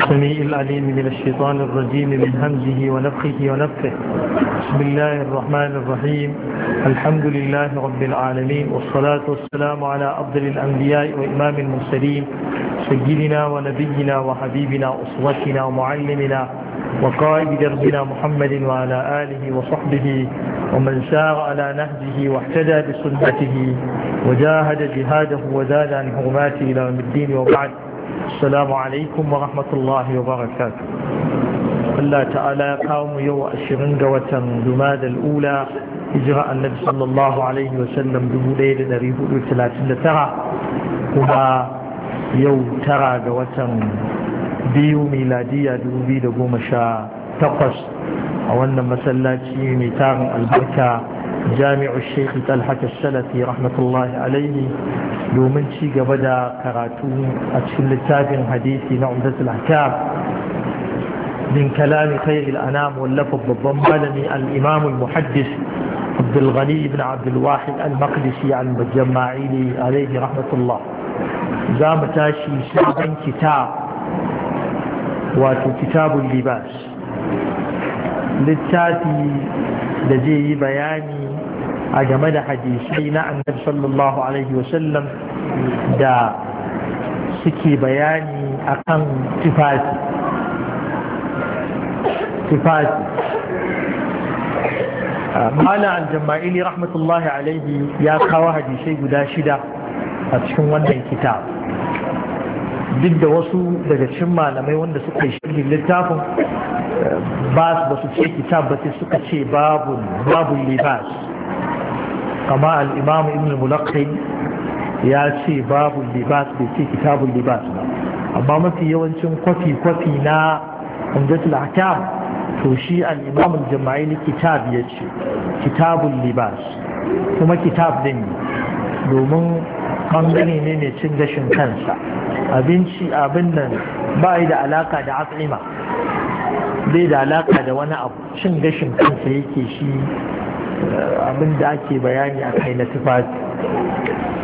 السميع العليم من الشيطان الرجيم من همزه ونفخه ونفخه بسم الله الرحمن الرحيم الحمد لله رب العالمين والصلاة والسلام على أفضل الأنبياء وإمام المرسلين سيدنا ونبينا وحبيبنا أسوتنا ومعلمنا وقائد دربنا محمد وعلى آله وصحبه ومن سار على نهجه واحتدى بسنته وجاهد جهاده وزاد عن حرماته إلى الدين وبعد السلام عليكم ورحمة الله وبركاته الله تعالى قوم يو أشرين قوة دماد الأولى إجراء النبي صلى الله عليه وسلم دموليل نريه ثلاثين ترى هما يو ترى قوة بيو ميلادية دموليل قوم شاء تقص أولنا مسلاتي ميتار البركة جامع الشيخ طلحة السلفي رحمة الله عليه domin ci gaba da karatu a cikin littafin hadisi na umdatul ahkam min kalami khairil anam wallafa babban malami al-imam al-muhaddis عبد الغني بن عبد الواحد المقدسي عن الجماعيلي عليه رحمة الله زام تاشي سابا كتاب واتو كتاب اللباس للتاتي لديه بياني a game da hadisai na annabi sallallahu alaihi wasallam da suke bayani akan tufafi tufafi ah, mala aljama'ili rahmatullahi alaihi ya kawo hadisai guda shida a cikin wannan kitab duk da wasu daga cikin malamai wanda suka shirya littafin eh, ba su ce kitab ba sai suka ce babu libas kama al'imam ibn mulakai ya ce babu libas bai ce kitabun libas ba amma mafi yawancin kwafi-kwafi na umdatul hakam to shi al'imam al-jama'ili kitab ya ce kitabun libas kuma kitab din domin bangare ne mai cin gashin kansa abinci abin nan ba yi da alaka da af'ima bai da alaka da wani abu cin gashin kansa yake shi abin da ake bayani a kai na tufafi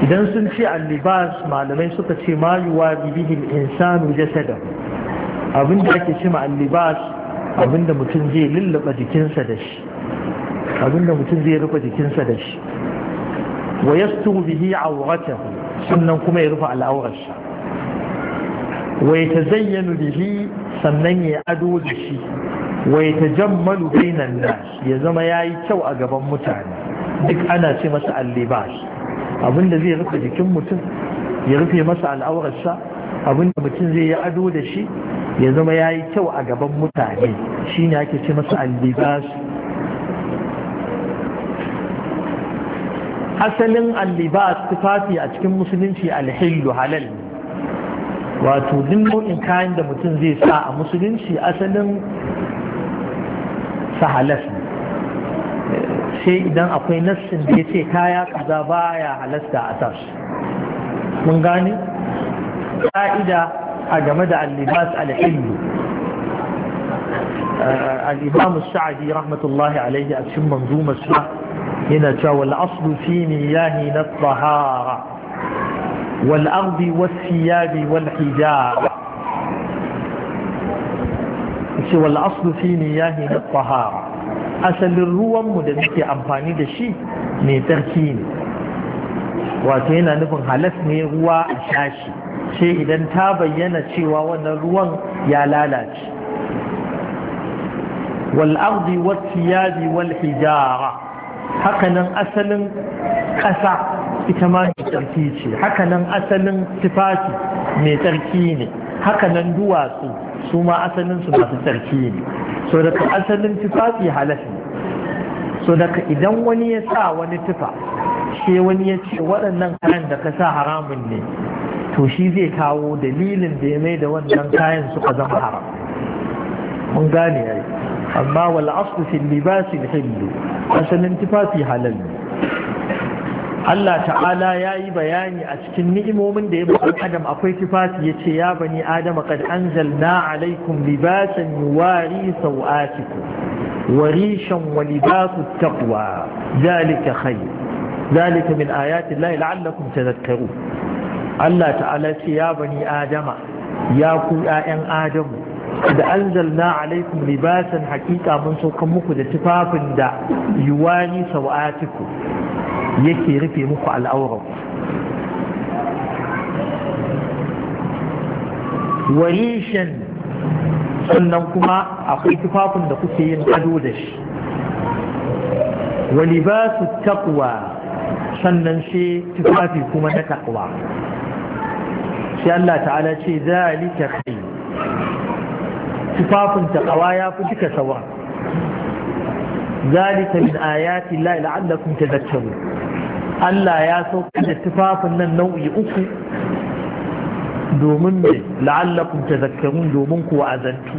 idan sun ce allibas malamai suka ce ma yuwa bibihin insanu jasada abin da ake ce ma allibas abin da mutum zai lullaba jikinsa da shi abin da mutum zai rufe jikinsa da shi wa yastu bihi awratahu sannan kuma ya rufe al'aurarsa wa yatazayyanu bihi sannan ya ado da shi wai ta jammalu bainan nas ya zama ya yi kyau a gaban mutane duk ana ce masa abin abinda zai rufe jikin mutum ya rufe masa al'aurarsa abinda mutum zai yi ado da shi ya zama ya yi kyau a gaban mutane shi ne ake ce masa allibash asalin allibas tufafi a cikin musulunci alhillu halal wato duk nau'in kayan da mutum zai sa a musulunci asalin sa halas sai idan akwai nassin da ya ce kaya kaza baya halasta a sas mun gani. ka'ida a game da al-libas al-ilmi eh, al-imam sa'adi rahmatullahi alaihi a cikin manzumar sa yana cewa wal aslu fi niyahi na tahara wal ardi was wal hijara ce wal aslu fi niyahi na asalin ruwanmu da muke amfani da shi mai tsarki ne wato yana nufin halas ne ruwa a shashi sai idan ta bayyana cewa wannan ruwan ya lalace wal ardi wat thiyabi wal hijara hakanan asalin ƙasa ita ma mai tsarki ce hakanan asalin tufafi mai tsarki ne haka nan duwatsu su ma asalinsu masu tsarki ne so daga asalin tufafi halafi so daga idan wani ya sa wani tufa shi wani ya ce waɗannan kayan da ka sa haramun ne to shi zai kawo dalilin da ya mai da wannan kayan suka zama haram mun gane yayi amma wal aslu fil libasi al asalin tufafi halal ne Allah ta'ala ya yi bayani a cikin ni'imomin da ya ba adam akwai tufafi ya ce ya bani adam qad anzalna alaikum libasan yuwari sau'atikum wa rishan wa libasu taqwa zalika khayr zalika min ayati llahi la'allakum tadhakkarun Allah ta'ala ce ya bani adama ya ku ƴaƴan adamu da anzalna alaikum libasan haqiqa mun saukan muku da tufafin da sau atiku. yake rufe muku al'aurar warishin sannan kuma akwai tufafin da kuke yin ado da shi su takwa sannan sai tufafi kuma na takwa shi Allah ta'ala ce zalika kai tufafin takawa ya fi duka sauran ذلك من آيات الله لعلكم تذكرون Allah ya sauka da tufafin nan nau'i uku domin mai la'allakun tazakkarun domin ku wa'azantu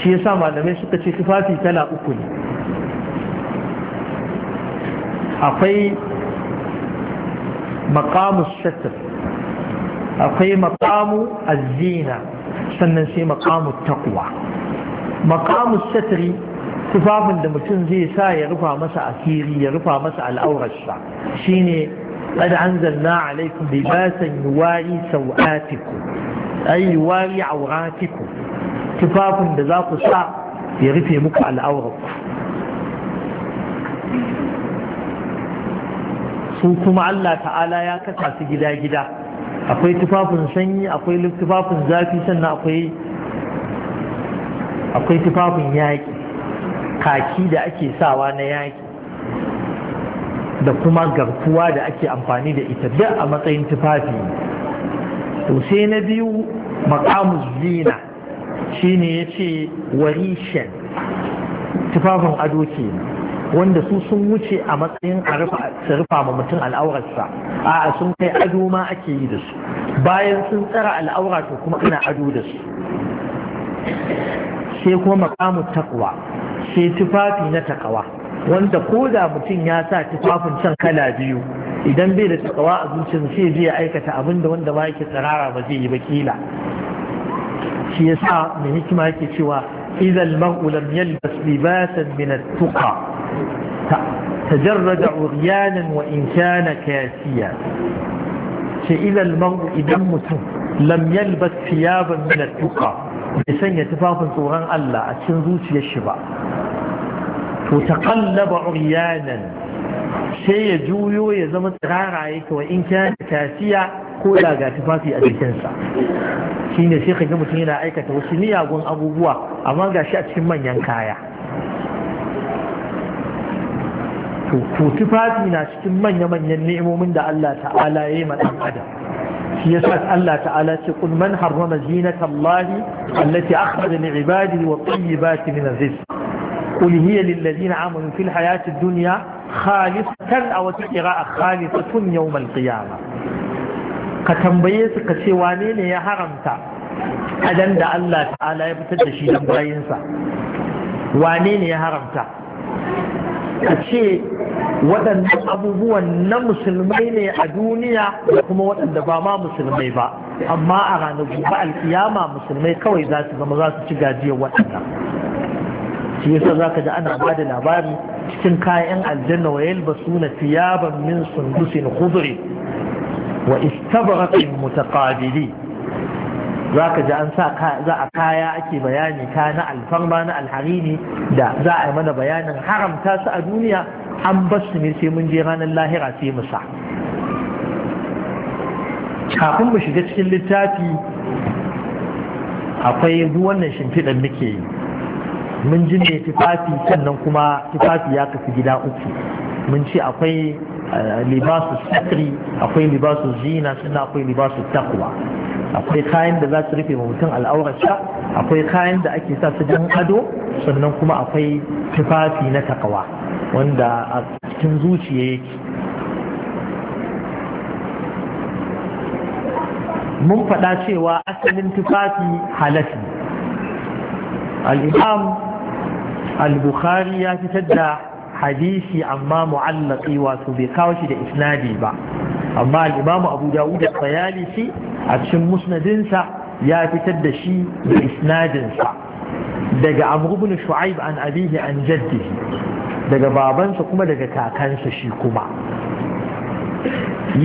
shi yasa malamai suka ce tufafi tana uku ne akwai makamu shatar akwai makamu azina sannan sai makamu takwa makamu shatari tufafin da mutum zai sa ya rufa masa asiri ya rufa masa al'aurarsa shine qad anzalna alaykum libasan yuwari sawatikum ay yuwari awratikum tufafin da za ku sa ya rufe muku al'aurarku su kuma Allah ta'ala ya kasa su gida-gida akwai tufafin sanyi akwai tufafin zafi sannan akwai tufafin yaƙi kaki da ake sawa na yaki da kuma garkuwa da ake amfani da ita duk a matsayin tufafi to sai na biyu makamu zina shine ya ce warishen tufafin ado ke wanda su sun wuce a matsayin su rufa ma mutum al'aurarsa a sun kai ado ma ake yi da su bayan sun tsara al'aura to kuma ana ado da su sai kuma makamu takwa sai tufafi na takawa wanda ko da mutum ya sa tufafin can kala biyu idan bai da takawa a zuciya sai zai aikata abin da wanda ba yake tsirara ba zai yi ba kila shi sa mai hikima yake cewa idan mar'u lam yalbas libasan min at-tuqa tajarrada ughyanan wa in kana kasiya shi idan mar'u idan mutum lam yalbas thiyaban min at-tuqa bai sanya tufafin tsoron Allah a cikin zuciyar shi ba to taqallaba uryanan sai ya juyo ya zama tsirara yake wa in kana tafiya ko da ga tufafi a jikinsa shine sai ga mutum yana aikata wasu miyagun abubuwa amma ga shi a cikin manyan kaya to tufafi na cikin manya-manyan ni'imomin da Allah ta'ala ya yi ma adam shi Allah ta'ala ce kun man harrama zinata Allah allati akhraja li ibadihi wa tayyibati min rizq qul hiya lil ladina amanu fil hayati dunya khalisatan aw tiqra'a khalisatun yawm al qiyamah ka tambaye su ka ce wane ne ya haramta adan da Allah ta'ala ya fitar da shi dan bayinsa Wanene ya haramta ka ce waɗannan abubuwan na musulmai ne a duniya da kuma waɗanda ba ma musulmai ba amma a ranar gobe alkiyama musulmai kawai za su zama za su ci gajiyar waɗanda. shi yasa za ka ji ana ba da labari cikin kayan aljanna wa yalbasu na tiyaban min sundusin khudri wa istabaraqin mutaqabili za ka ji an sa za a kaya ake bayani ka na alfarma na alharini da za a yi mana bayanin haramta su a duniya an basu ne sai mun je ranar lahira sai mu sa kafin mu shiga cikin littafi akwai duk wannan shimfiɗan muke yi mun ji ne tufafi sannan kuma tufafi ya kafi gida uku mun ce akwai eh, libasu sakri akwai libasu zina sannan akwai libasu takwa akwai kayan da za su rufe mutum al'aurarsa akwai kayan da ake sa su dan ado sannan kuma akwai tufafi na takawa wanda a cikin zuciya yake mun faɗa cewa asalin tufafi halafi al'imam al-bukhari ya fitar da hadisi amma mu'allaki wato bai kawo shi da isnadi ba amma al'imamu abu dawud da bayani shi a cikin musnadinsa ya fitar da shi da isnadinsa daga amru shu'aib an abihi an jaddihi daga babansa kuma daga kakansa shi kuma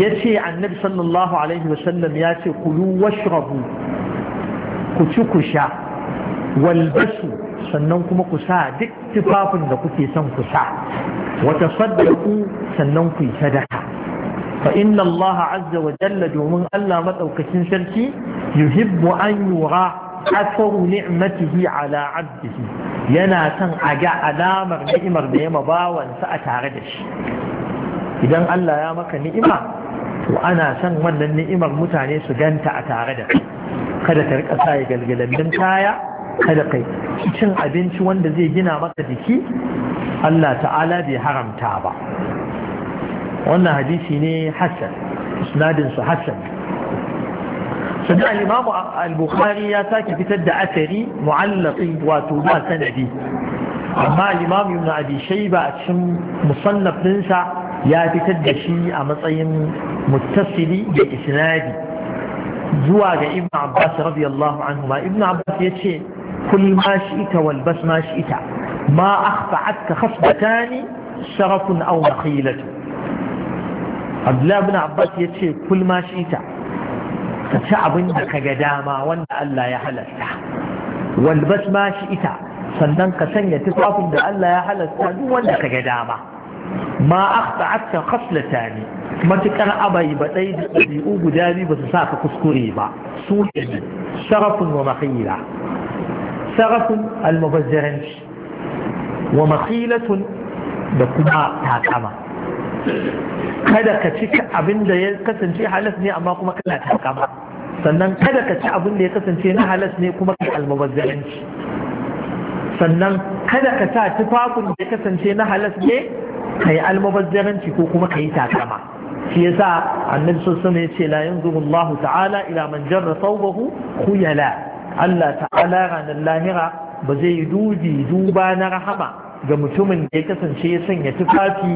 ya ce annabi sallallahu alaihi wasallam ya ce kulu washrabu ku ci ku sha walbasu sannan kuma ku sa duk tufafin da kuke son ku sa wata saddaku sannan ku yi sadaka fa inna Allah azza wa jalla domin Allah madaukakin sarki yuhibbu an yura asaru ni'matihi ala abdihi yana son a ga alamar ni'imar da ya bawansa a tare da shi idan Allah ya maka ni'ima to ana son wannan ni'imar mutane su ganta a tare da kada ka rika sa galgalallin kaya kada kai cin abinci wanda zai gina maka jiki Allah ta'ala bai haramta ba وأن حديثني حسن إسناد حسن فدع الإمام البخاري يتاك في تد أثري معلق وتوبا سندي أما الإمام ابن أبي شيبة أتشم مصنف ننسى يا في تد شيء أمطين متصلي بإسنادي زوا ابن عباس رضي الله عنهما ابن عباس يتشي كل ما شئت والبس ما شئت ما أخفعتك خصبتان شرف أو مخيلة abdullahi bin abbas ya ce kulma shi ta ka ci abin da ka ga dama wanda allah ya halasta walbas ma shi ita sannan ka sanya tufafin da allah ya halasta duk wanda ka ga dama ma akhta akhta khaslata ne matukar abai ba dai da ɗabi'u guda biyu ba su sa ka kuskure ba su ne sharafun wa makhila sarafin almubazzaranci wa makhilatun da kuma takama kada ka ci abin da ya kasance halas ne amma kuma kana takama sannan kada ka ci abin da ya kasance na halas ne kuma kai almubazzaranci sannan kada ka sa tufafin da ya kasance na halas ne ka kai almubazzaranci ko kuma ka yi takama shi ya sa annabi sosai alaihi ya ce la yanzuru Allah ta'ala ila man jarra thawbahu khuyala Allah ta'ala ranar lahira ba zai dubi duba na rahama ga mutumin da ya kasance ya sanya tufafi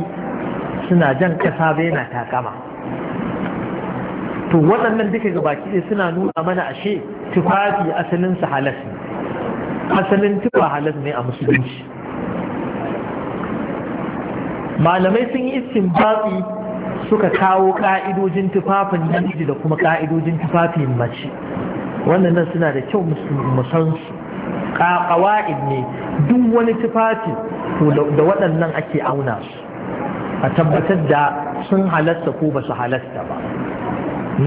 suna jan ƙasa bai yana takama to waɗannan duka ga baki ɗaya suna nuna mana ashe tufafi asalin su halas ne asalin tufa halas ne a musulunci malamai sun yi istinbati suka kawo ƙa'idojin tufafin namiji da kuma ƙa'idojin tufafin mace wannan nan suna da kyau musansu ƙawa'id ne duk wani tufafi to da waɗannan ake auna su a tabbatar da sun halasta ko ba su halasta ba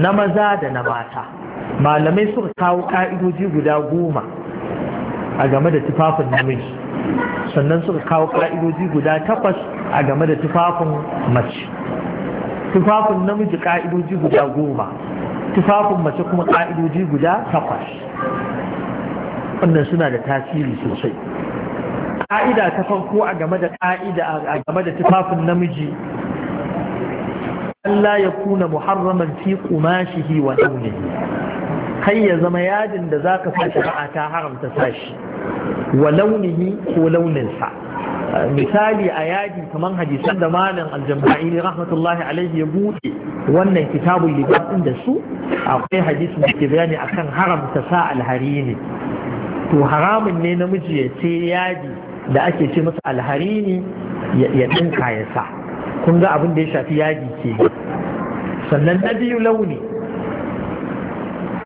na maza da na mata malamai suka kawo ka'idoji guda goma a game da tufafin namiji sannan suka kawo ka'idoji guda takwas a game da tufafin mace tufafin namiji ka'idoji guda goma tufafin mace kuma ka'idoji guda takwas wannan suna da tasiri sosai ƙa'ida ta farko a game da ƙa'ida a game da tufafin namiji Allah ya kuna muharraman fi qumashihi wa dawlihi kai ya zama yadin da zaka sa shari'a ta haramta sashi wa launihi ko launinsa misali a yadi kamar hadisan da malam aljambaini rahmatullahi alaihi ya buɗe wannan kitabun libas da su akwai hadisin da ke bayani akan haramta sa alhari ne to haramun ne namiji ya ce yadi da ake ce masa alharini ya ɗinka ya sa kun ga abin da ya shafi yadi ke sannan na biyu launi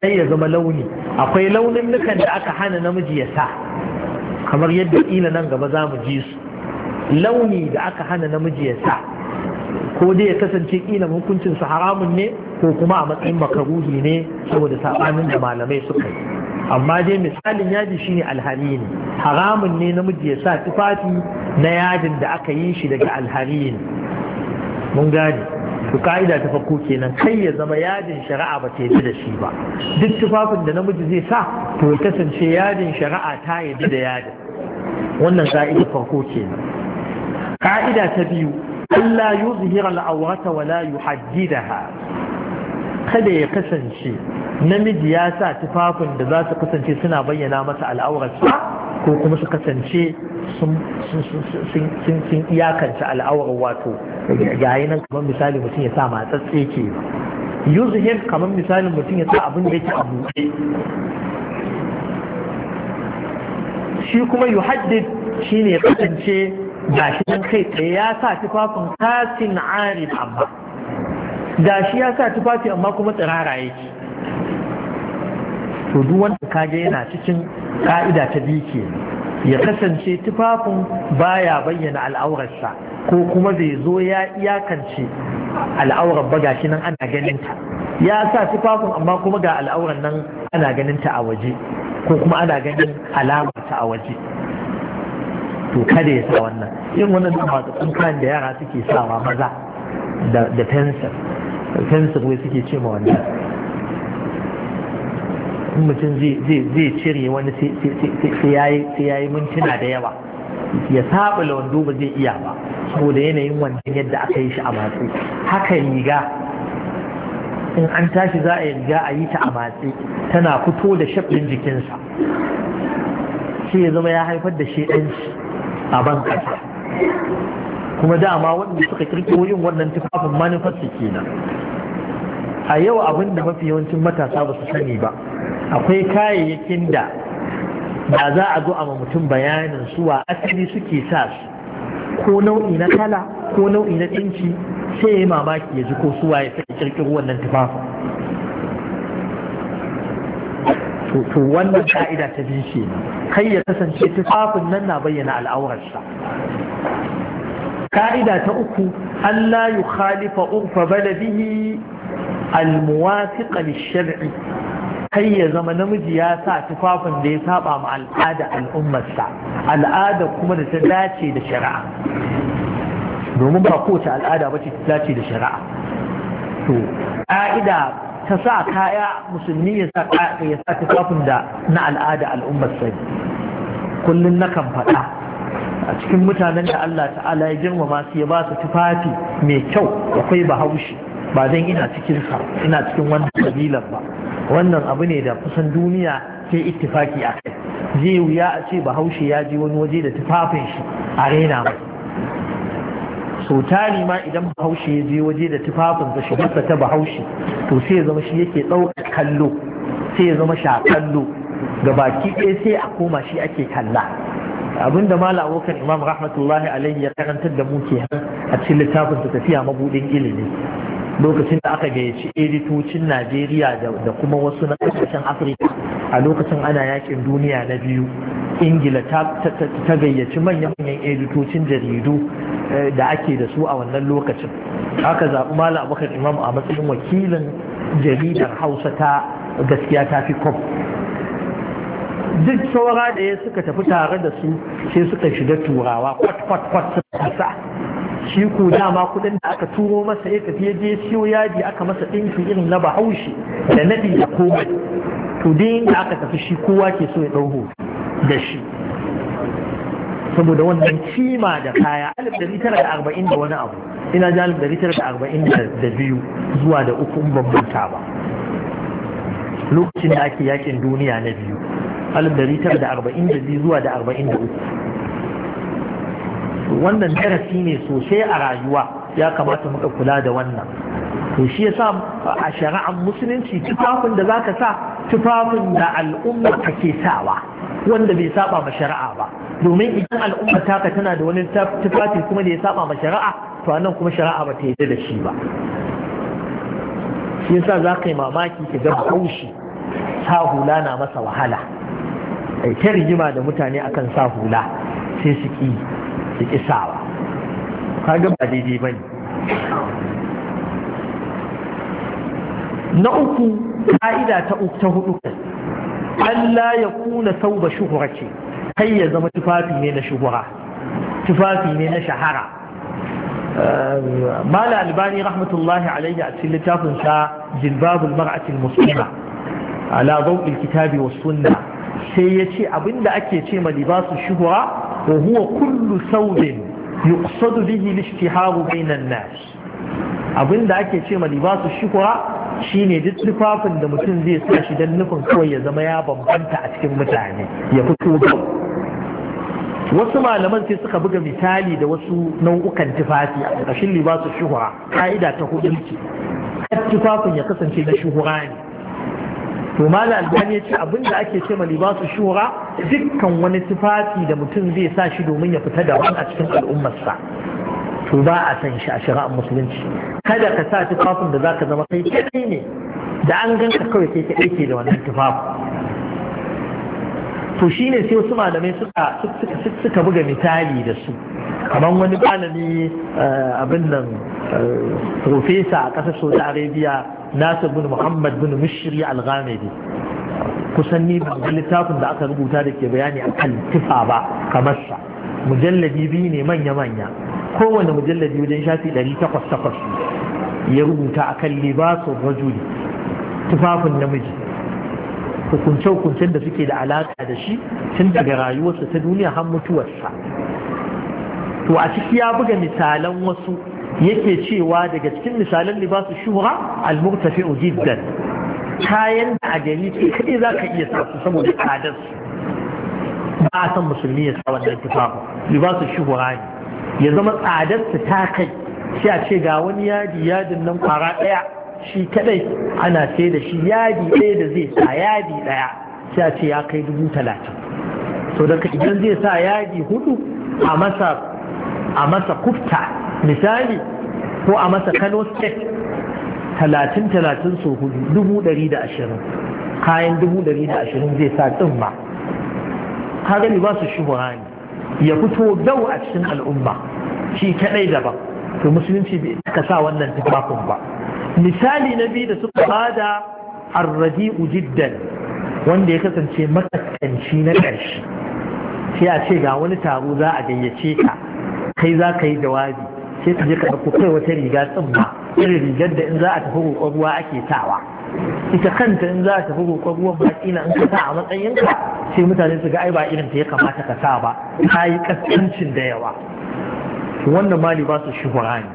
sai ya zama launi akwai launin nukan da aka hana namiji ya sa kamar yadda ƙila nan gaba za mu ji su launi da aka hana namiji ya sa ko dai ya kasance ƙila hukuncin su haramun ne ko kuma a matsayin makaruhi ne saboda saɓanin da malamai suka yi amma dai misalin yadi shine alharini haramun ne namiji ya sa tufafi na yadin da aka yi shi daga ne. mun gane to ka'ida ta farko kenan kai ya zama yadin shari'a ba ta yi da shi ba duk tufafin da namiji zai sa to ya kasance yadin shari'a ta yi da yadin wannan ka'ida farko kenan ka'ida ta biyu Allah yuzhira al-awrata wa la yuhaddidaha kada ya kasance namiji ya sa tufafin da za su kasance suna bayyana masa al'aurarsa ko kuma su kasance sun iyakance al'aurar wato yayi nan kamar misali mutum ya sa matsatse ke yuzhir kamar misalin mutum ya sa abin da yake a buɗe shi kuma yuhaddid shine ya kasance gashi nan kai tsaye ya sa tufafin kasin arif amma gashi ya sa tufafi amma kuma tsirara yake to duk wanda kage yana cikin ka'ida ta biki ya kasance tufafin baya bayyana al'aurarsa ko kuma bai zo ya iyakance al'aurar ba gashi nan ana ganin ta ya sa tufafin amma kuma ga al'aurar nan ana ganin ta a waje ko kuma ana ganin alamar ta a waje to kada ya sa wannan yin wannan masu kan da yara suke sawa maza da fensir fensir wai suke ce ma wannan in mutum zai cire wani sai ya yi mintuna da yawa ya saba wando ba zai iya ba saboda yanayin wannan yadda aka yi shi a matsi haka riga in an tashi za a yi riga a yi ta a matsi tana fito da shafin jikinsa shi ya zama ya haifar da shi ɗanci a ban ƙasa kuma dama waɗanda suka kirkiro yin wannan tufafin manufarsu kenan a yau abin da mafi yawancin matasa ba su sani ba akwai kayayyakin da da za a zo a mutum bayanin suwa asali suke sa su ko nau'i na kala ko nau'i na ɗinci sai ya yi mamaki ya ji ko suwa ya sai kirkiro wannan tufafin to wannan ka'ida ta biyu ce kai ya kasance tufafin nan na bayyana al'aurarsa ka'ida ta uku Allah ya khalifa urfa baladihi almuwafiqa lishar'i kai ya zama namiji ya sa tufafin da ya saba ma al'ada al'ummarsa al'ada kuma da ta dace da shari'a domin ba kowace al'ada ba ce ta dace da shari'a to ƙa'ida ta sa kaya musulmi ya sa ya sa tufafin da na al'ada al'ummarsa kullum nakan faɗa a cikin mutanen da Allah ta'ala ya girmama su ya ba su tufafi mai kyau akwai bahaushe ba dan ina cikin sa ina cikin wannan kabilar ba wannan abu ne da kusan duniya ke ittifaki a kai zai wuya a ce bahaushe ya je wani waje da tufafin shi a raina mai so tari ma idan bahaushe ya je waje da tufafin sa ta bahaushe to sai ya zama shi yake ɗauka kallo sai ya zama sha kallo ga baki ɗaya sai a koma shi ake kalla abinda mala abokan imam rahmatullahi alaihi ya karantar da mu ke a cikin littafin tafiya mabudin ilimi lokacin da aka gayyaci editocin najeriya da kuma wasu na ƙasashen afirka a lokacin ana yakin duniya na biyu ingila ta gayyaci manyan-manyan editocin jaridu eh, da ake da su a wannan lokacin aka zaɓi malam abubakar imam a matsayin wakilin jaridar hausa ta gaskiya ta fi kwam duk saura da ya suka tafi tare da su sai suka shiga turawa kwat-kwat-kwat suka sa shi ku dama kudin da aka turo masa ya tafi je siyo yadi aka masa ɗinkin irin na bahaushe da naɗi da komai to dai da aka tafi shi kowa ke so ya ɗau da shi saboda wannan kima da kaya alif da tara da arba'in da wani abu ina ji alif da tara da arba'in da biyu zuwa da uku in bambanta ba lokacin da ake yakin duniya na biyu alif da tara da arba'in da biyu zuwa da arba'in da uku wannan darasi ne sosai a rayuwa ya kamata muka kula da wannan to shi yasa a shari'ar musulunci tufafin da zaka sa tufafin da al'umma kake sawa wanda bai saba ma shari'a ba domin idan al'umma taka tana da wani tufafi kuma da ya saba ma shari'a to nan kuma shari'a ba ta yarda da shi ba shi yasa za ka yi mamaki ka ga haushi sa hula na masa wahala ai ta rigima da mutane akan sa hula sai su ƙi? su isawa kaga ba daidai ba ne na uku ka'ida ta uku ta hudu Allah ya kuna sauba shuhura ce kai ya zama tufafi ne na shuhura tufafi ne na shahara mala albani rahmatullahi alayhi a cikin littafin sa jilbabul mar'atil muslima ala dawil kitabi was sunnah sai ya ce abinda ake ce ma libasu shuhura wa huwa kullu saudin yuqsadu bihi al bainan nas abinda ake ce ma libasu shuhura shine duk tufafin da mutum zai sa shi dan nufin kawai ya zama ya bambanta a cikin mutane ya fito wasu malaman sai suka buga misali da wasu nau'ukan tufafi a ƙarƙashin libasu shuhura ka'ida ta hudu ce tufafin ya kasance na shuhura ne to mala albani ya ce abinda ake ce libasu shura dukkan wani tufafi da mutum zai sa shi domin ya fita da wani a cikin al'ummarsa to ba a san shi a shari'ar musulunci kada ka sa tufafin da zaka zama kai kai ne da an gan ka kawai kai kai ke da wannan tufafi to shine sai wasu malamai suka suka buga misali da su kamar wani malami eh, abin nan profesa a ƙasar saudi arabia nasir bin muhammad bin mishri al-ghamidi kusan ni littafin da aka rubuta da ke bayani a kan tifa ba kamar sa mujalladi biyu ne manya-manya kowane mujalladi wajen shafi 800 ya rubuta a kan libasu rajuli tufafin namiji hukunce-hukuncen da suke da alaƙa da shi tun daga rayuwarsa ta duniya har mutuwarsa to a ciki ya buga misalan wasu yake cewa daga cikin misalan libasu shura, al-murtafi'u jiddan kayan da a gari kai za ka iya sa su saboda tsadar ba a san musulmi ya sa wannan tufafa libasu shura ne ya zama tsadar su ta kai sai a ce ga wani yadi yadin nan kwara daya shi kadai ana sai da shi yadi ɗaya da zai sa yadi ɗaya sai a ce ya kai dubu talatin to daga idan zai sa yadi hudu a masa a masa kufta misali ko a masa kano state talatin talatin so hudu dubu ɗari da ashirin kayan dubu ɗari da ashirin zai sa tsumma gani ba su shubuhani ya fito dau a cikin al'umma shi kadai daban to musulunci bai ka sa wannan tufafin ba misali na biyu da suka bada arradi'u jiddan wanda ya kasance makaskanci na ƙarshe sai a ce ga wani taro za a gayyace ka kai za ka yi jawabi sai ka je ka ɗauko kai wata riga tsumma irin rigar da in za a tafi roƙon ruwa ake sawa ita kanta in za a tafi roƙon ruwa ba kila in ka sa a matsayinka sai mutane su ga ai ba irin ta ya kamata ka sa ba ta yi ƙasƙancin da yawa wannan mali ba su shuhura ne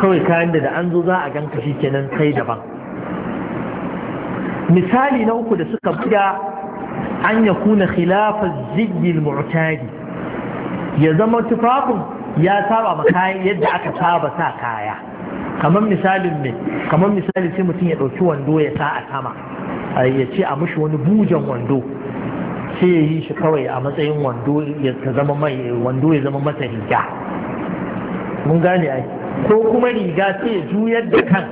kawai kayan da da an zo za a ganka shi kenan kai daban misali na uku da suka buga an ya kuna khilafar zigil mu'tadi ya zama tufafin ya saba ma kayan yadda aka saba sa kaya kamar misalin ne kamar misali sai mutum ya ɗauki wando ya sa a sama ya ce a mushi wani bujan wando sai ya yi shi kawai a matsayin wando ya zama mai wando ya zama masa riga mun gane ai ko kuma riga sai ya juyar da kan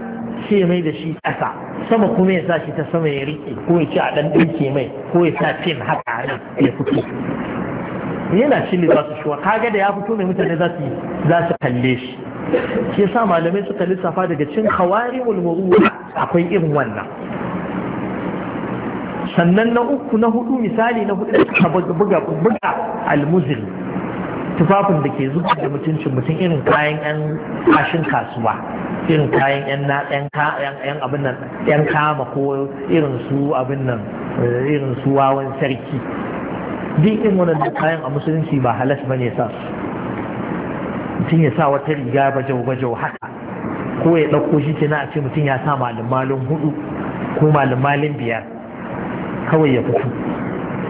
sai ya mai da shi ƙasa sama kuma ya sa shi ta sama ya riƙe ko ya ci a ɗan ɗinke mai ko ya sa fin haka nan ya fito yana cin za su shuwa kaga da ya fito mai mutane za su za su kalle shi shi yasa malamai suka lissafa daga cin khawari ulmuru akwai irin wannan sannan na uku na hudu misali na hudu ka buga buga almuzil tufafin da ke zuba da mutuncin mutum irin kayan yan kashin kasuwa irin kayan yan na yan abin nan yan kama ko irin su abin nan eh, irin su wawan sarki duk wani wannan kayan a musulunci ba halas ba ne sa mutum ya sa wata riga ba jau haka ko ya ɗauko shi ke na a ce mutum ya sa malin hudu ko malin biyar kawai ya fito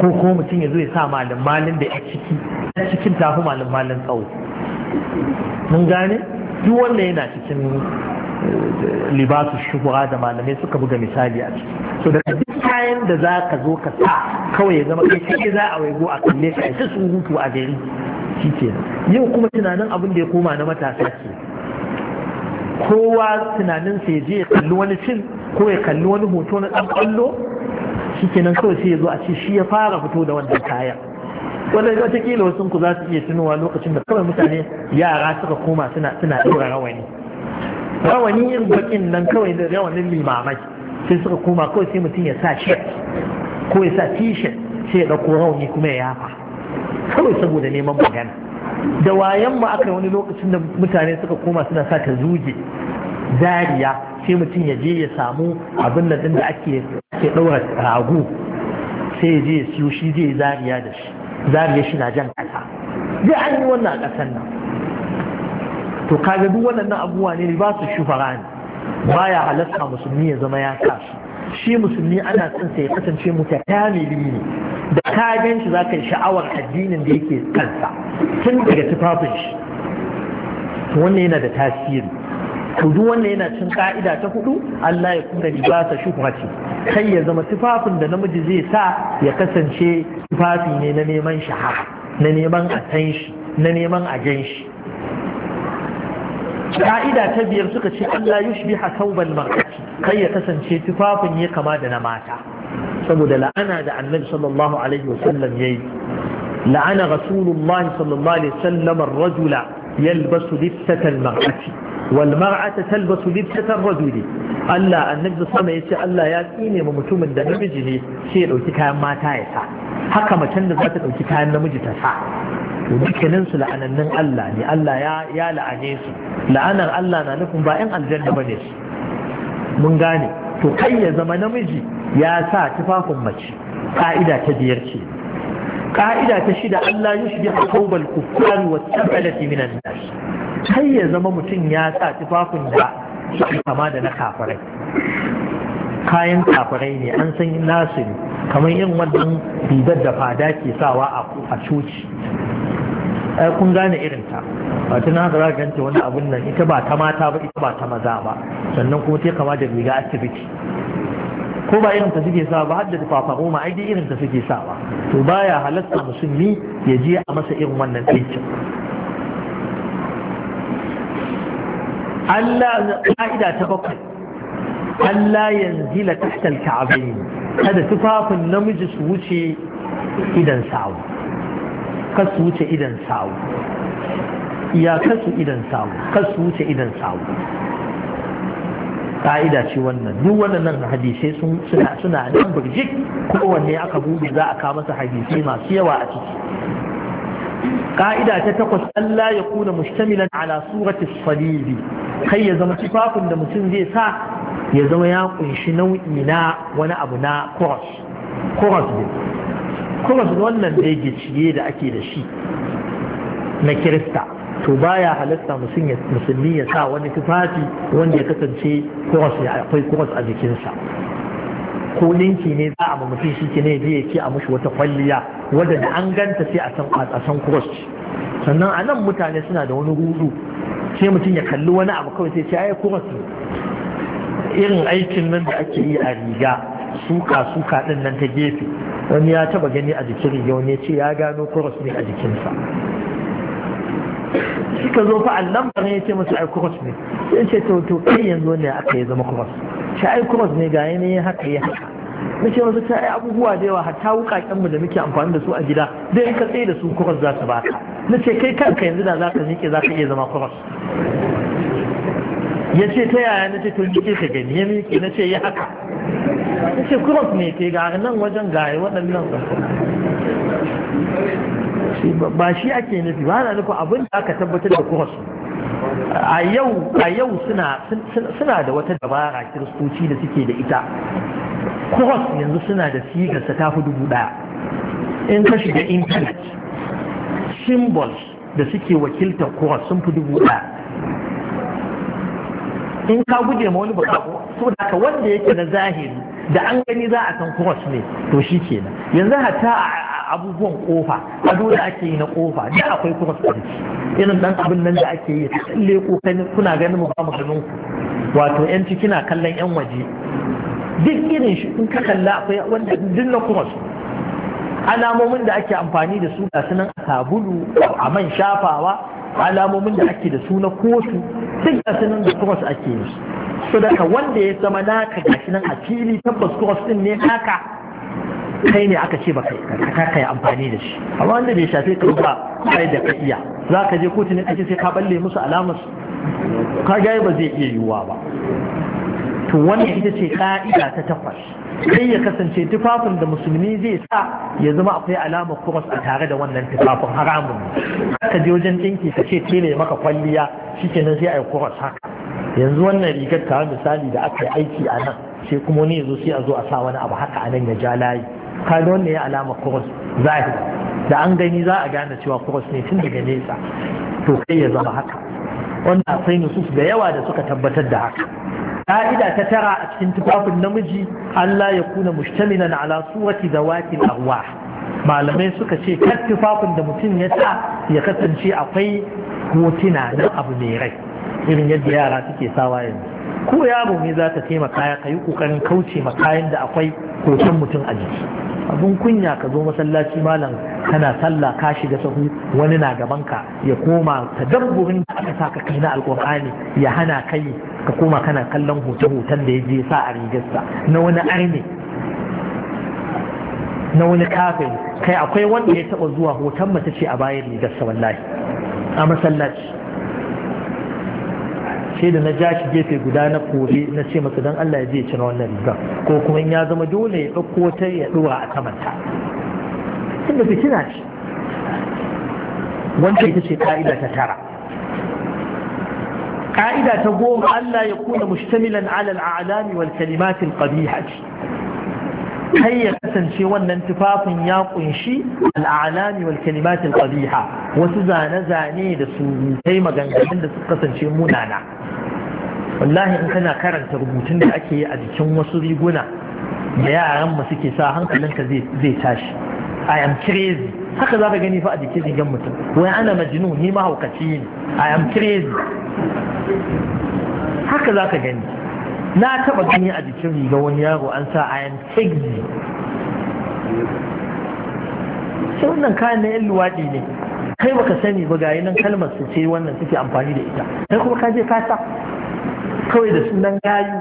ko ko mutum ya zo ya sa malin da ya ciki ya cikin tafi malin tsawo mun gane duk wanda yana cikin libasu shubuha da malamai suka buga misali a ciki so da duk kayan da za ka zo ka sa kawai ya zama kai kai za a waigo a kalle ka su hutu a gari shi ke yau kuma tunanin abin da ya koma na matasa ke kowa tunanin sai je ya kalli wani cin, ko ya kalli wani hoto na ɗan ƙwallo shi kenan kawai sai ya zo a ce shi ya fara fito da wannan kaya. wanda watakila wasu ku za su iya tunowa lokacin da kawai mutane yara suka koma suna suna ɗora rawani rawani yin bakin nan kawai da rawanin limamai sai suka koma kawai sai mutum ya sa shirt ko ya sa t sai ya ɗauko rauni kuma ya yafa kawai saboda neman magana da wayan mu aka wani lokacin da mutane suka koma suna sa ta zuge zariya sai mutum ya je ya samu abin da da ake ke ɗaura rago sai ya je ya siyo shi zai zariya da shi zariya shi na jan ƙasa duk an yi wannan a ƙasar nan to kaga duk waɗannan abubuwa ne ba su shufara ne baya halatta musulmi ya zama ya kasu shi musulmi ana son sai ya kasance mutakamili ne da ka gan shi zaka yi sha'awar addinin da yake kansa tun daga tufafin shi wannan yana da tasiri to duk wannan yana cin ka'ida ta hudu Allah ya kuma shuka ce kai ya zama tufafin da namiji zai sa ya kasance tufafi ne na neman shahara na neman a na neman a ka'ida ta biyar suka ce Allah yushbiha tauban mar'ati kai ya kasance tufafin ya kama da na mata saboda la'ana da annabi sallallahu alaihi wa wasallam yayi la'ana rasulullahi sallallahu alaihi wasallam ar-rajula yalbasu libsata al-mar'ati wal mar'ata talbasu libsata ar-rajuli Allah annabi sama yace Allah ya tsine mu mutumin da namiji ne sai ya dauki kayan mata ya sa haka macen da za ta dauki kayan namiji ta sa to dukkanin la'anannin Allah ne Allah ya la'ane su la'anar Allah na nufin ba 'yan aljanna ba ne mun gane to kai ya zama namiji ya sa tufafin mace ka'ida ta biyar ce ka'ida ta shida Allah ya shiga a taubar kuffar wa tabbalati minan nas kai ya zama mutum ya sa tufafin da su kama da na kafirai kayan kafirai ne an san nasu ne kamar yin wannan rigar da fada ke sawa a coci ai kun gane irin ta wato na haka za ka ganta wani abun nan ita ba ta mata ba ita ba ta maza ba sannan kuma ta kama da riga asibiti ko ba irin ta suke sa ba har da fafaru ma ai irin ta suke sa ba to baya halatta musulmi ya je a masa irin wannan ɗinkin Allah ka'ida ta bakwai Allah yanzu la tahtal kabayn kada tufafin namiji su wuce idan sawu kasu wuce idan sawu iya kasu idan sawu kasu wuce idan sawu ka'ida ce wannan duk waɗannan hadisai suna suna nan birjik kowanne aka buɗe za a kawo masa hadisai masu yawa a ciki ka'ida ta takwas Allah ya kuna mustamilan ala surati salibi kai ya zama tufafin da mutum zai sa ya zama ya kunshi nau'i na wani abu na cross cross su wannan da yake ciye da ake da shi na kirista to baya halitta musulmi ya sa wani tufafi wanda ya kasance kuras ya akwai kuras a jikinsa ko ninki ne za a mutum shi ke ne zai ke a mushi wata kwalliya wadda da an ganta sai a san kuras sannan a nan mutane suna da wani hudu sai mutum ya kalli wani abu kawai sai ce ai kuras irin aikin nan da ake yi a riga suka suka ɗin nan ta gefe wani ya taba gani a jikin riga wani ya ce ya gano kuros ne a jikinsa suka zo fa allon bane ya ce masu ai kuros ne sai ce to kai yanzu ne aka ya zama kuros shi ai kuros ne ga ya haka ya haka na ce wasu ta abubuwa da yawa hata wukaken mu da muke amfani da su a gida dai ka tsaye da su kuros za su baka na ce kai kanka yanzu da za ka miƙe za ka iya zama kuros ya ce ta yaya na ce to miƙe ka gani ya miƙe na ce ya haka ce cross ne ke gari nan wajen gari waɗannan ba shi ake nufi ba na nufi abin da aka tabbatar da cross a yau suna da wata dabara kiristoci da suke da ita cross yanzu suna da sigarsa ta fi dubu ɗaya in ka shiga intanet symbols da suke wakiltar cross sun fi dubu ɗaya in ka guje ma wani bukaku so da ka wanda yake na zahiri da an gani za a san cross ne to shi ke nan yanzu hatta a abubuwan kofa a dole ake yi na kofa da akwai cross a ciki irin dan abin nan da ake yi tsalle kokarin kuna ganin mu ba mu ganin ku wato yan ciki na kallon yan waje duk irin shi in ka kalla akwai wanda duk na cross alamomin da ake amfani da su ga sunan a sabulu a man shafawa alamomin da ake da su na kotu duk da sunan da su ake yi so daga wanda ya zama naka gashi nan a fili tabbas cross ɗin ne haka kai ne aka ce ba kai, ka kai amfani da shi amma wanda bai shafe ka ba kai da ka iya za ka je kotu ne ake sai ka balle musu alamar ka gaya ba zai iya yiwuwa ba to wannan ita ce ka'ida ta takwas sai ya kasance tufafin da musulmi zai sa ya zama akwai alamar kuros a tare da wannan tufafin haramun ka je wajen dinki ka ce tele maka kwalliya shikenan sai a yi kuros haka yanzu wannan rigar tare misali da aka yi aiki a nan sai kuma wani ya zo sai a zo a sa wani abu haka a nan ya ja layi kaga wannan ya alamar kuros zahiri da an gani za a gane cewa kuros ne tun daga nesa to kai ya zama haka wanda akwai nusus da yawa da suka tabbatar da haka ka'ida ta tara a cikin tufafin namiji Allah ya kuna mushtamilan ala surati zawatil ahwa malamai suka ce kar tufafin da mutum ya sa ya kasance akwai hotuna na abu mai rai irin yadda yara suke sawa yanzu ko yaro ne za ta taimaka ya kayi kokarin kauce ma kayan da akwai hoton mutum a jiki abin kunya ka zo masallaci malam kana sallah ka shiga sahu wani na gaban ka ya koma ta tadabburin da aka saka kai na alkur'ani ya hana kai ka koma kana kallon hoton hoton da ya je sa a rigarsa na wani arne na wani kafin kai akwai wanda ya taba zuwa hoton mace ce a bayan rigarsa wallahi a masallaci sai da na ja shi gefe guda na kore na ce masa don Allah ya je cire wannan rigar ko kuma ya zama dole ya ɗauko ta ya ɗuwa a kamanta tunda fitina ce wanda ita ce ka'ida ta tara ka'ida ta goma Allah ya kuna mustamilan alal a'lami wal kalimatil ce. kai ya kasance wannan tufafin ya kunshi al'alami wal kalimatin qabiha wasu zane-zane da su kai maganganun da su kasance munana wallahi in kana karanta rubutun da ake yi a jikin wasu riguna da yaran mu suke sa hankalinka zai tashi i am crazy haka za ka gani fa a jikin rigan mutum wai ana majinu ni mahaukaci ne i am crazy haka za ka gani na taba gani a jikin riga wani yaro an sa i am crazy sai wannan kayan na yan luwaɗi ne kai baka sani ba gayi nan kalmar su ce wannan suke amfani da ita sai kuma ka je ka sa kawai da sunan gayu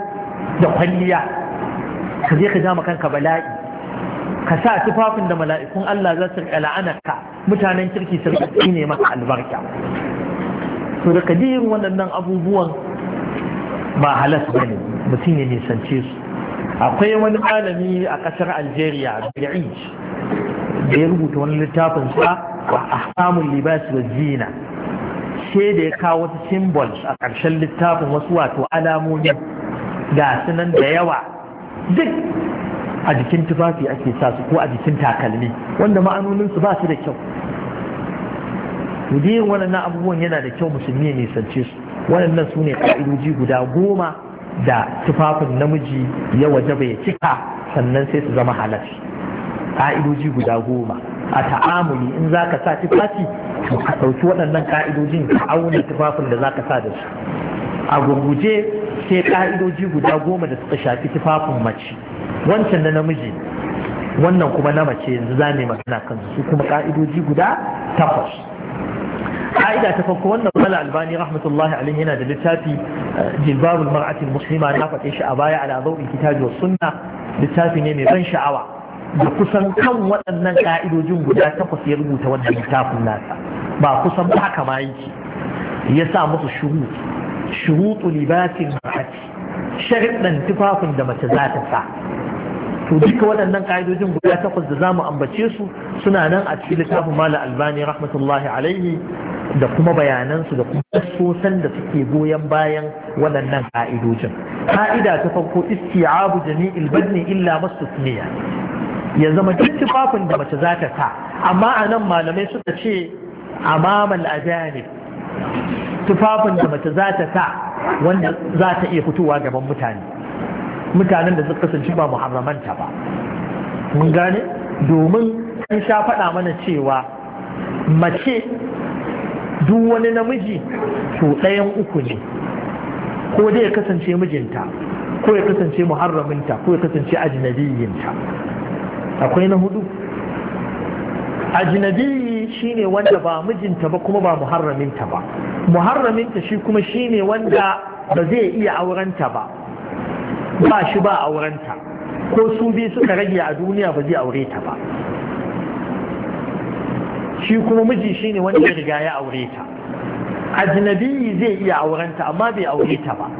da kwalliya ka je ka ja kanka bala'i ka sa tufafin da mala'ikun Allah za su riƙa la'anarka mutanen kirki su riƙa ne maka albarka to da kadirin waɗannan abubuwan ba halas ba ne mutum ya nisance su akwai wani malami a ƙasar algeria bi'ij da ya rubuta wani littafin sa wa ahkamul libas wa zina sai da ya kawo wasu symbols a ƙarshen littafin wasu wato alamomi ga sunan da yawa duk a jikin tufafi ake sa su ko a jikin takalmi wanda ma'anoninsu ba su da kyau yin waɗannan abubuwan yana da kyau musulmi ya nisance su waɗannan su ne ƙa'idoji guda goma da tufafin namiji ya waje bai cika sannan sai su zama halarci. ƙa'idoji guda goma a ta'amuli in za ka sa tufafi to ka ɗauki waɗannan ƙa'idojin ka auna tufafin da za ka sa da su a gurguje sai ƙa'idoji guda goma da suka shafi tufafin mace wancan na namiji wannan kuma na mace yanzu za ne magana kan su kuma ƙa'idoji guda takwas ƙa'ida ta farko wannan mala albani rahmatullahi alaihi yana da littafi eh, jilbabul mar'atil muslima na faɗe shi a baya ala zauri kitabi wa sunna littafi ne mai ban sha'awa da kusan kan waɗannan ƙa'idojin guda takwas ya rubuta wannan littafin nasa ba kusan ba ka ma ya sa musu shuru shurutu libasin ma'ati sharuɗan tufafin da mace za ta sa to duka waɗannan ƙa'idojin guda takwas da za mu ambace su suna nan a cikin littafin malam albani rahmatullahi alaihi da kuma bayanansu da kuma sosan da suke goyon bayan waɗannan ƙa'idojin ƙa'ida ta farko isti'abu jami'il badni illa mastusniya ya zama duk tufafin da mace za ta sa amma a nan malamai suka ce amamal ajani tufafin da mace za ta sa wanda za ta iya fitowa gaban mutane mutanen da suka kasance ba muharramanta ba mun gane domin an sha faɗa mana cewa mace duk wani namiji to ɗayan uku ne ko dai ya kasance mijinta ko ya kasance muharraminta ko ya kasance ajinabiyinta akwai na hudu ajnabi shine wanda ba mijinta ba kuma ba muharraminta ba muharraminta shi kuma shine wanda ba zai iya aurenta ba ba shi ba aurenta ko su biyu suka rage a duniya ba zai aure ta ba shi kuma miji shine wanda ya riga ya aure ta ajnabi zai iya aurenta amma bai aure ta ba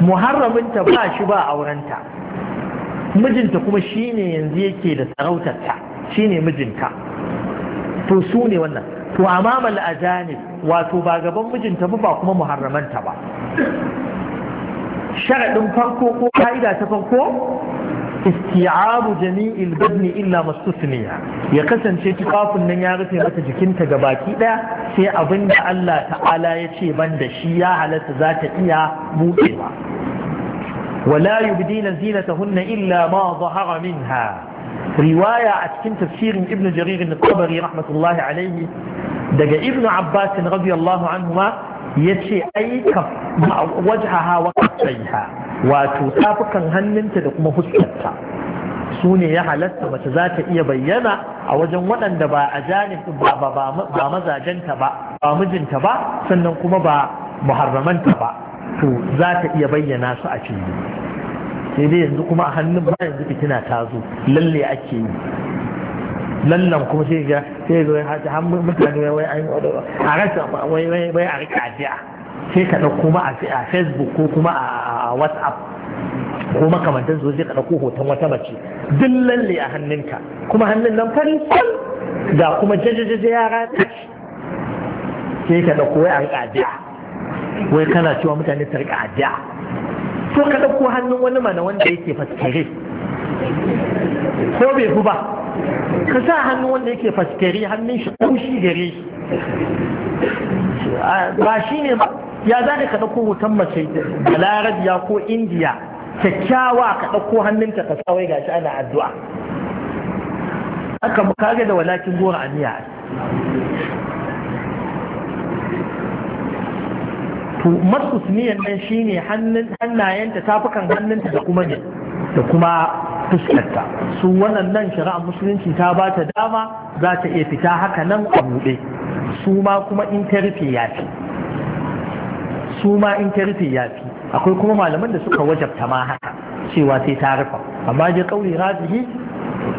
muharraminta ba shi ba aurenta mijinta kuma shine yanzu yake da sarautarta shine mijinta to su ne wannan to amama al'ajanib wato ba gaban mijinta ba kuma muharramanta ba sharaɗin farko ko ka'ida ta farko isti'abu jami'il badni illa mastusniya ya kasance tufafin nan ya rufe mata jikinta ga baki daya sai abinda Allah ta'ala ya ce ban da shi ya halatta za ta iya buɗewa ولا يبدين زينتهن إلا ما ظهر منها رواية أتكن تفسير ابن جرير الطبري رحمة الله عليه دقى ابن عباس رضي الله عنهما يتشي أي كف وجهها وكفيها وتتابقا هننت لقم هسكتها su ne ya halatta mace za ta iya bayyana a wajen waɗanda ba a janibin ba mazajenta ba ba mijinta ba sannan kuma ba muharramanta ba to za ta iya bayyana su a fili sai dai yanzu kuma a hannun ba yanzu fitina ta zo lalle ake yi lallan kuma sai ga sai ga hannun mutane wai an a rasa wai wai wai a rika ajiya. sai ka dauko ma a Facebook ko kuma a WhatsApp ko makamantan su sai ka dauko hoton wata mace duk lalle a hannunka kuma hannun nan farin sal ga kuma jajajaja ya rata sai ka dauko wai a rika ajiya. wai kana cewa mutane su rika addu'a Ko ka ɗauko hannun wani mana wanda yake faskare ko bai fi ba ka sa hannun wanda yake faskare hannun shi ƙaushi gare shi ba shi ne ba ya za ka ɗauko hoton mace da larabiya ko indiya kyakkyawa ka ɗauko hannunta ka sawai gashi ana addu'a aka kaga da walakin gora aniya to masusniyan nan shine hannayenta tafukan hannunta da kuma ne da kuma fuskarta su wannan nan shari'a musulunci ta ba ta dama za ta iya fita haka nan a buɗe su ma kuma in ta rufe ya fi su ma in ta rufe ya fi akwai kuma malaman da suka wajabta ma haka cewa sai ta rufa amma je kauri razihi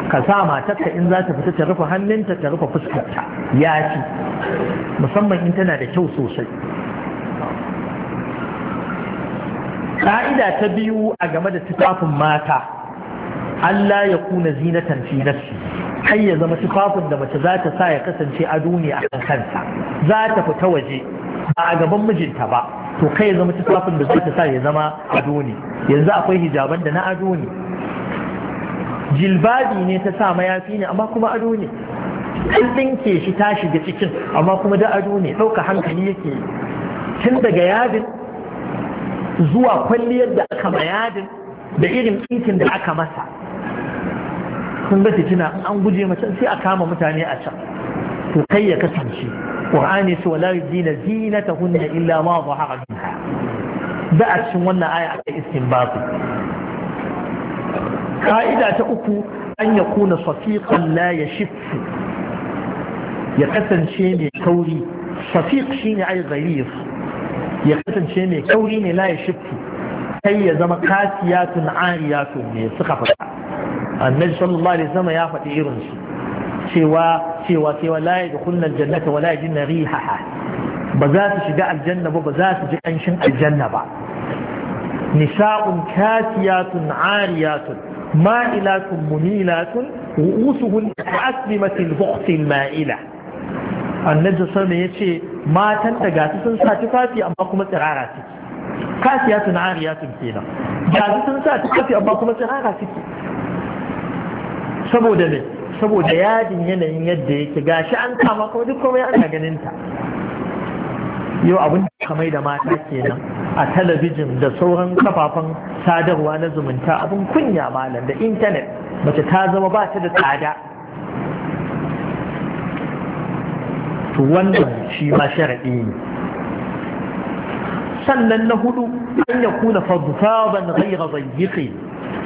ka sa matarka in za ta fita ta rufe hannunta ta rufe fuskarta ya musamman in tana da kyau sosai Ka'ida ta biyu a game da tufafin mata Allah ya kuna zinatan fi nafsi kai ya zama tufafin da mace za ta sa ya kasance ado ne a kan za ta fita waje ba a gaban mijinta ba to kai ya zama tufafin da za ta sa ya zama ado ne yanzu akwai hijaban da na ado ne jilbabi ne ta sa mayafi ne amma kuma ado ne an ɗinke shi ta shiga cikin amma kuma da ado ne ɗauka hankali yake tun daga yadin zuwa kwalliyar da aka mayadin da irin ɗinkin da aka masa sun ga fitina an guje mace sai a kama mutane a can to kai ya kasance qur'ani su wala yudina zinatahunna illa ma dhahara minha da a cikin wannan aya iskin babu. ka'ida ta uku an yakuna safiqan la yashiffu ya kasance mai kauri safiq shine ai gharif ya kasance mai kauri ne la ya shiftu kai ya zama kasiyatun ariyatun ne suka faɗa annabi sallallahu alaihi wasallam ya faɗi irin su cewa cewa cewa la ya dukhulna aljannata wa la yajidna rihaha ba za su shiga aljanna ba ba za su ji kanshin aljanna ba nisa'un kasiyatun ariyatun ma'ilatun munilatun ru'usuhun aslimatil bukhtil ma'ila annabi sallallahu alaihi wasallam yace matan ta gasu sun sa tufafi amma kuma tsirara suke kasiya sun ariya sun kenan gasu sun sa tufafi amma kuma tsirara su saboda ne saboda yadin yanayin yadda yake gashi an kama kuma duk komai ana ganin ta yau abin da kamai da mata kenan a talabijin da sauran kafafen sadarwa na zumunta abin kunya malam da intanet mace ta zama ba ta da tsada to wannan shi ma sharaɗi ne sannan na hudu an ya kuna fadfaban ghaira zayyiki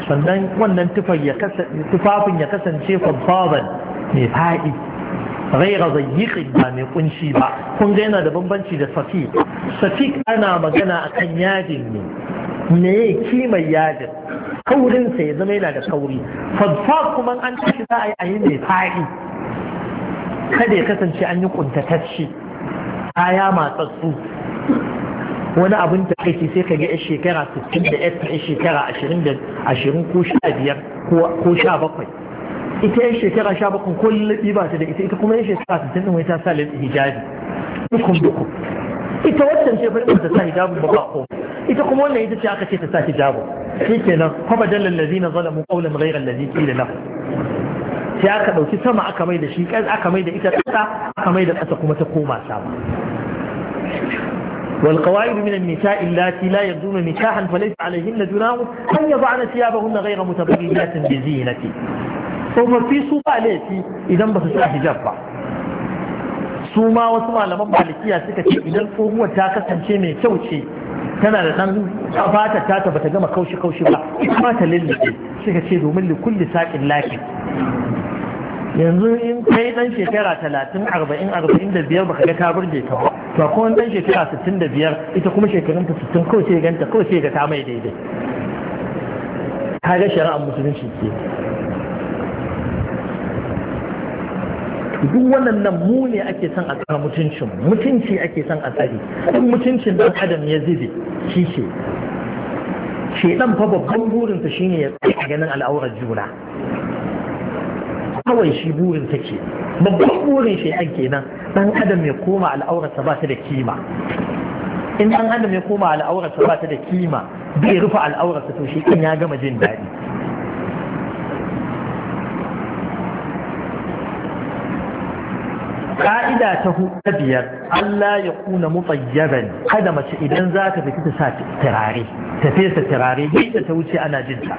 sannan wannan tufafin ya kasance fadfaban mai faɗi ghaira zayyiki ba mai kunshi ba kun ga yana da bambanci da safiq safiq ana magana akan yajin ne me kimar yajin kaurinsa ya zama yana da kauri fadfab kuma an tashi za a yi mai faɗi kada ya kasance an yi kuntatacci kaya matsatsu wani abin da kai sai ka ga yan shekara 60 da yan shekara 20 ko 15 ko 17 ita yan shekara 17 ko lullubi ba ta da ita ita kuma yan shekara 60 wai ta sa hijabi dukun dukun ita wancan ce farin ta sa hijabin ba ko ita kuma wannan ita ce aka ce ta sa hijabin shikenan fa badal allazina zalamu qawlan ghayra allazi qila lahum sai aka ɗauki sama aka mai da shi ƙas aka mai da ita ƙasa aka mai da ƙasa kuma ta koma sama wal qawaid min an-nisa'i allati la yadunu nikahan fa laysa alayhinna junahun an yad'ana thiyabahunna ghayra mutabayyinatin bi zinati ko ma fi su ba laifi idan ba su sa hijab ba Suma wasu malaman malikiya suka ce idan tsohuwar ta kasance mai kyau ce tana da ɗan fatar tata bata gama kaushi kaushi ba ma ta lullube suka ce domin likulli saƙin lakin yanzu in kai dan shekara talatin arba'in arba'in da biyar baka ga ta burge ka ba ko dan shekara sittin da biyar ita kuma shekarun ta sittin kawai sai ganta kawai sai ga ta mai daidai kaga shari'ar musulunci ke duk wannan nan mu ne ake son a tsara mutuncin mutunci ake son a tsari duk mutuncin dan adam ya zube shi shi shedan fa babban burinsa shine ya ganin al'aurar juna kawai shi burin ke babban burin shi an kenan dan adam ya koma al'aurata ba ta da kima in dan adam ya koma al'aurarsa ba ta da kima bai rufe al'aurarsa to shi kan ya gama jin daɗi ka'ida ta ta biyar Allah ya kuna mutsayyaban kada mace idan za ta fita ta sa turare ta fesa turare yadda ta wuce ana jinta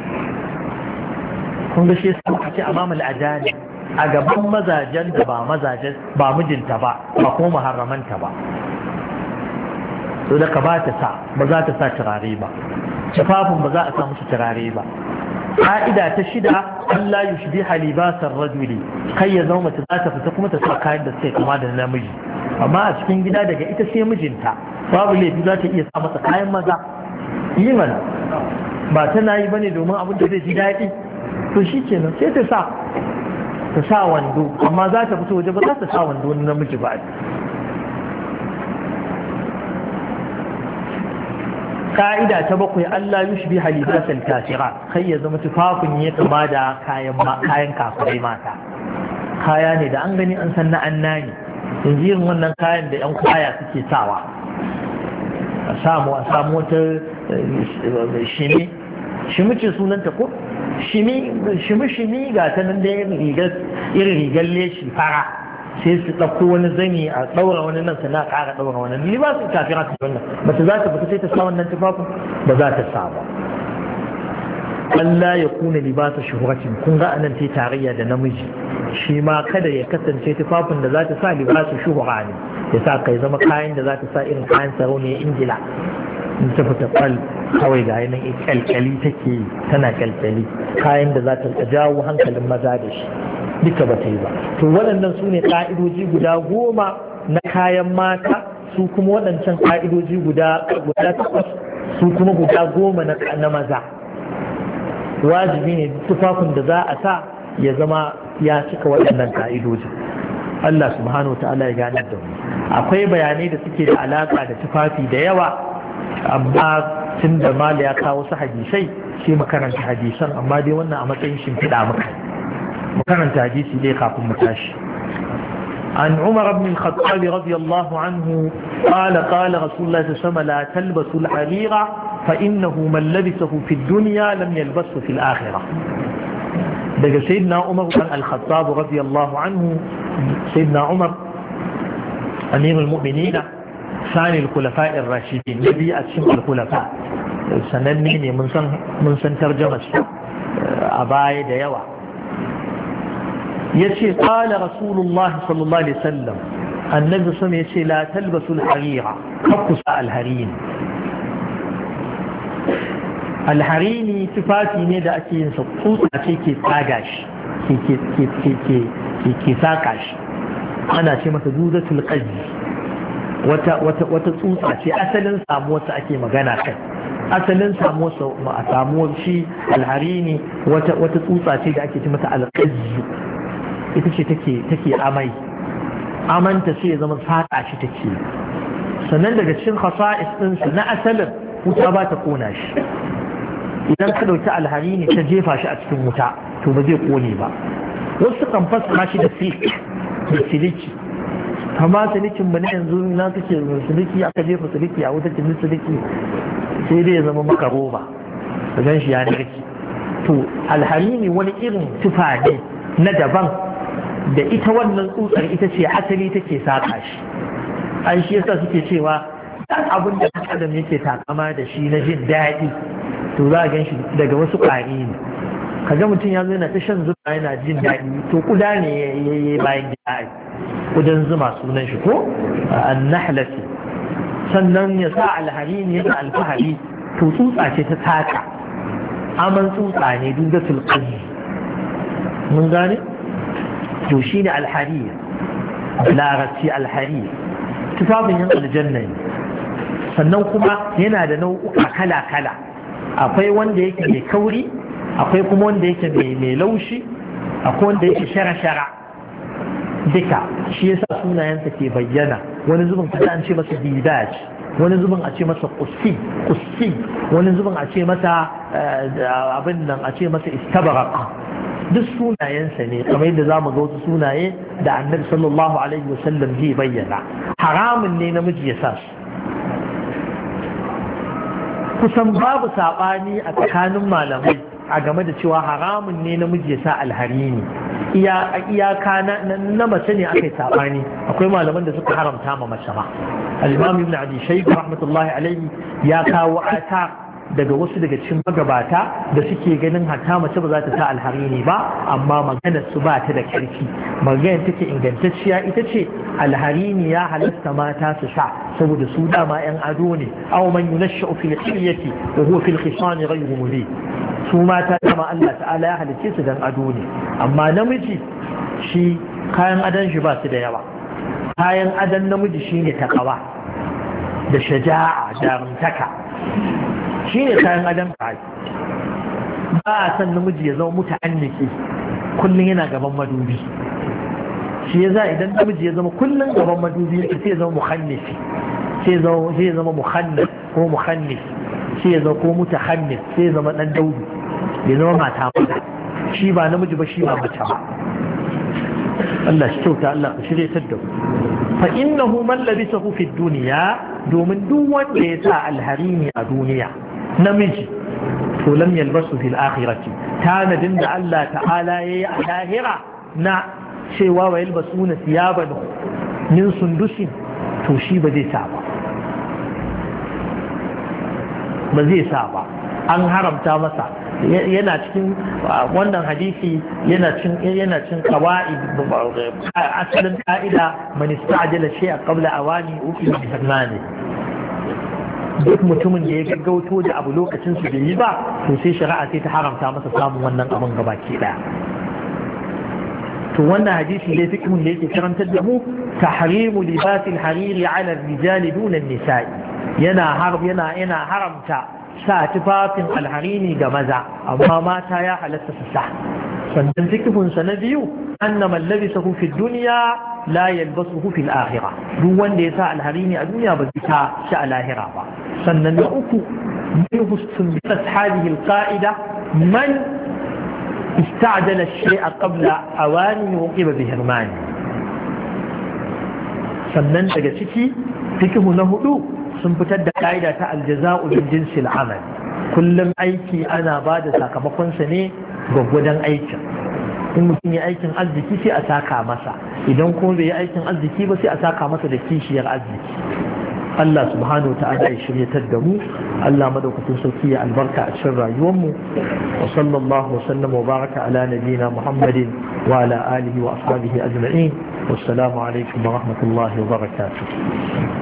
kun ga shi yasa aka ce amama al'ajani a gaban mazajen da ba mazajen ba mijinta ba ba ko muharramanta ba to da ka ba ta sa ba za ta sa turare ba tufafin ba za a sa musu turare ba ka'ida ta shida Allah ya shi halibasan rajuli kai ya zama mace za ta fita kuma ta sa kayan da suke kama da namiji amma a cikin gida daga ita sai mijinta babu laifi za ta iya sa masa kayan maza yi mana ba tana yi bane domin abin da zai ji daɗi to shi kenan sai ta sa ta sa wando amma za ta fito waje ba za ta sa wando na namiji ba ka'ida ta bakwai Allah bi halitta halifatan kafira kai ya zama tufafin ya kama da kayan kayan kafirai mata kaya ne da an gani an san na annani ne yanzu yin wannan kayan da yan kwaya suke sawa a samu a samu wata eh, shime shimice sunanta ko shimi-shimi ga ta nan da irin rigar leshi fara sai su ɗauko wani zani a ɗaura wani nan sana ƙara ɗaura wani ni ba su tafi a wannan nan mace za ta fita sai ta sa wannan tufafin ba za ta sa ba Allah ya kuna libasa shuhuratin kun ga anan sai tarayya da namiji shi ma kada ya kasance tufafin da za ta sa libasa shuhura ne ya sa kai zama kayan da za ta sa irin kayan sarauniya ingila in ta kwal kawai ga yanayin kyalkyali take tana kyalkyali kayan da za ta jawo hankalin maza da shi duka ba ta yi ba to waɗannan su ne ƙa'idoji guda goma na kayan mata su kuma waɗancan ƙa'idoji guda guda takwas su kuma guda goma na maza wajibi ne tufafin da za a sa ya zama ya cika waɗannan ƙa'idoji Allah subhanahu wa ta'ala ya gane da mu akwai bayanai da suke da alaƙa da tufafi da yawa amma tun da mali ya kawo su hadisai sai mu karanta hadisan amma dai wannan a matsayin shimfiɗa muka mu karanta hadisi dai kafin mu tashi عن عمر بن الخطاب رضي الله عنه قال قال رسول الله صلى الله عليه وسلم لا تلبسوا الحرير فإنه من لبسه في الدنيا لم يلبسه في الآخرة دقى سيدنا عمر بن الخطاب رضي الله عنه سيدنا عمر أمير المؤمنين sani ɗin rashidi rashidin nabi a cikin al sananne ne mun san mun eh, a baya da yawa yace qala rasulullah sallallahu alaihi wasallam annabi sun yace la talbasu al-harira kakusa al alharini tufafi ne da ake yin sa ce ke tsaga shi ke ke ke ke ke ana ce mata duzatul qazzi wata tsutsa ce asalin samuwarsa ake magana kai asalin samuwar shi alhari ne wata tsutsa ce da ake ci mata alƙazzu ita ce take amai amanta sai ya zama saƙa shi take sannan daga cikin khasa'is ɗinsu na asalin wuta ba ta ƙona shi idan ka ɗauki alhari ne ta jefa shi a cikin wuta to ba zai ƙone ba wasu kan fassara shi da silk da siliki kama silikin mu na yanzu na suke siliki aka jefa siliki a wuta cikin siliki sai dai ya zama maka roba da gan shi ya narki to alharimi wani irin tufa ne na daban da ita wannan tsutsar ita ce asali take saka shi an shi yasa suke cewa dan abin da adam yake takama da shi na jin daɗi to za a gan shi daga wasu ƙwari ne kaga mutum ya zo yana ta shan zuba yana jin daɗi to kuda ne ya yi bayan gida kudan zuma sunan shi ko annahlati sannan ya sa alharini ya sa alfahari to tsutsa ce ta taka aman tsutsa ne duk da tulqani mun gane to ne alhariya larabci alhariya tufafin yan aljanna ne sannan kuma yana da nau'uka kala-kala akwai wanda yake mai kauri akwai kuma wanda yake mai laushi akwai wanda yake shara-shara duka shi yasa sunayensa ke bayyana wani zubin kaza an ce masa didaj wani zubin a ce masa kusi kusi wani zubin a ce masa eh, abin nan a ce masa istabaraka duk sunayensa ne kamar yadda za mu ga wasu sunaye da annabi sallallahu alaihi wasallam zai bayyana haramun ne namiji ya sa su kusan babu saɓani a tsakanin malamai a game da cewa haramun ne namiji ya sa alharini iyaka na mace ne aka yi sabani akwai malaman da suka haramta ma mace ba al-imam ibn abi shaykh rahmatullahi alayhi ya kawo ata daga wasu daga cikin magabata da suke ganin hatta mace ba za ta sa alharini ba amma maganar su ba ta da karfi maganar take ingantacciya ita ce alharini ya halasta mata su sha, saboda su dama yan ado ne aw man yunashu fi al wa huwa fi al-khisani ghayru mubin su mata dama Allah ta'ala ya halicce su dan ado ne amma namiji shi kayan adon shi ba su da yawa kayan adon namiji shine takawa da shaja'a da shi ne kayan adam ka ba a san namiji ya zama muta'anniki kullum yana gaban madubi shi ya za idan namiji ya zama kullum gaban madubi ya sai ya zama muhannisi sai ya zama muhannis ko muhannis sai ya zama ko hannis sai ya zama dan daudu ya zama mata mata shi ba namiji ba shi ba mace ba Allah shi kyauta Allah ka shirye ta ku. fa innahu man labisa fi duniya domin duk wanda ya sa alharini a duniya namiji to lam yalbasu fil akhirati tanadin da Allah ta'ala yayi a lahira na cewa wa yalbasuna thiyaban min sundusin to shi ba zai sa ba ba zai sa ba an haramta masa yana cikin wannan hadisi yana cin yana cin qawaid asalin ka'ida man istajala shay'a qabla awani uqila bi duk mutumin da ya gaggauto da abu lokacin su bai yi ba to sai shari'a sai ta haramta masa samun wannan abin gaba ke daya to wannan hadisi ne fikhun da yake karantar da mu tahrimu libasil hariri ala rijali dun nisa'i yana yana yana haramta sa tufafin alharini ga maza amma mata ya halatta su sa sannan fikhun sa na biyu annama allabisahu fi dunya la yalbasuhu fi al-akhirah duk wanda ya sa alharini a duniya ba zai ta shi a lahira ba sannan na uku min hussun bi ashabihi ƙa'ida, man ista'jala a qabla awani uqiba bi hirmani sannan daga ciki fikihu na hudu sun fitar da ka'ida ta aljaza, ubin jinsil amal kullum aiki ana ba da sakamakonsa ne gwaggwadon aikin in mutum yi aikin arziki sai a saka masa idan kuma bai yi aikin arziki ba sai a saka masa da kishiyar arziki Allah subhanahu ta'ala ya shiryatar da mu Allah madaukakin sauki ya albarka a cikin rayuwar mu wa sallallahu wa sallam wa baraka ala nabiyina Muhammadin wa ala alihi wa ashabihi ajma'in wassalamu alaikum wa rahmatullahi wa barakatuh